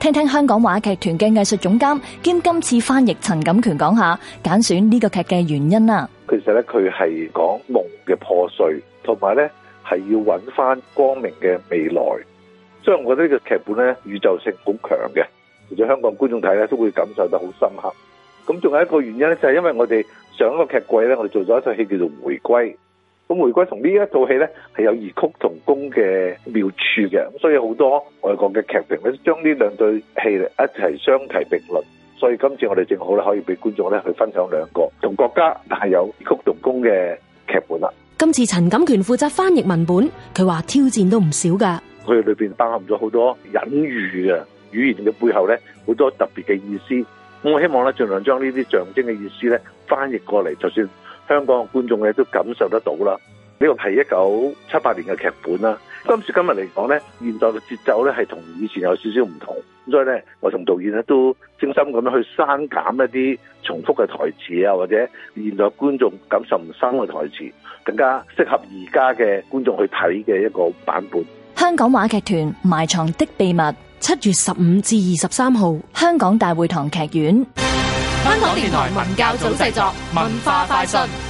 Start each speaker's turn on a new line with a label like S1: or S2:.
S1: 聽聽香港話劇團嘅藝術總監兼今次翻譯陳錦權講下揀選呢個劇嘅原因啦。
S2: 其實咧，佢係講夢嘅破碎，同埋咧係要揾翻光明嘅未來。所以我覺得呢個劇本咧，宇宙性好強嘅，而且香港觀眾睇咧都會感受得好深刻。咁仲有一個原因咧，就係因為我哋上一個劇季咧，我哋做咗一套戲叫做回歸。咁玫瑰同呢一套戲咧，係有異曲同工嘅妙處嘅，咁所以好多外國嘅劇評咧，將呢兩對戲咧一齊相提並論。所以今次我哋正好咧，可以俾觀眾咧去分享兩個同國家係有異曲同工嘅劇本啦。
S1: 今次陳錦權負責翻譯文本，佢話挑戰都唔少噶。
S2: 佢裏邊包含咗好多隱喻嘅語言嘅背後咧，好多特別嘅意思。咁我希望咧盡量將呢啲象徵嘅意思咧翻譯過嚟，就算。香港嘅觀眾亦都感受得到啦，呢個係一九七八年嘅劇本啦。今時今日嚟講呢，現代嘅節奏呢係同以前有少少唔同，所以呢，我同導演呢都精心咁樣去刪減一啲重複嘅台詞啊，或者現代觀眾感受唔生嘅台詞，更加適合而家嘅觀眾去睇嘅一個版本。
S1: 香港話劇團埋藏的秘密，七月十五至二十三號，香港大會堂劇院。
S2: 香港電台文教組製作，文化快訊。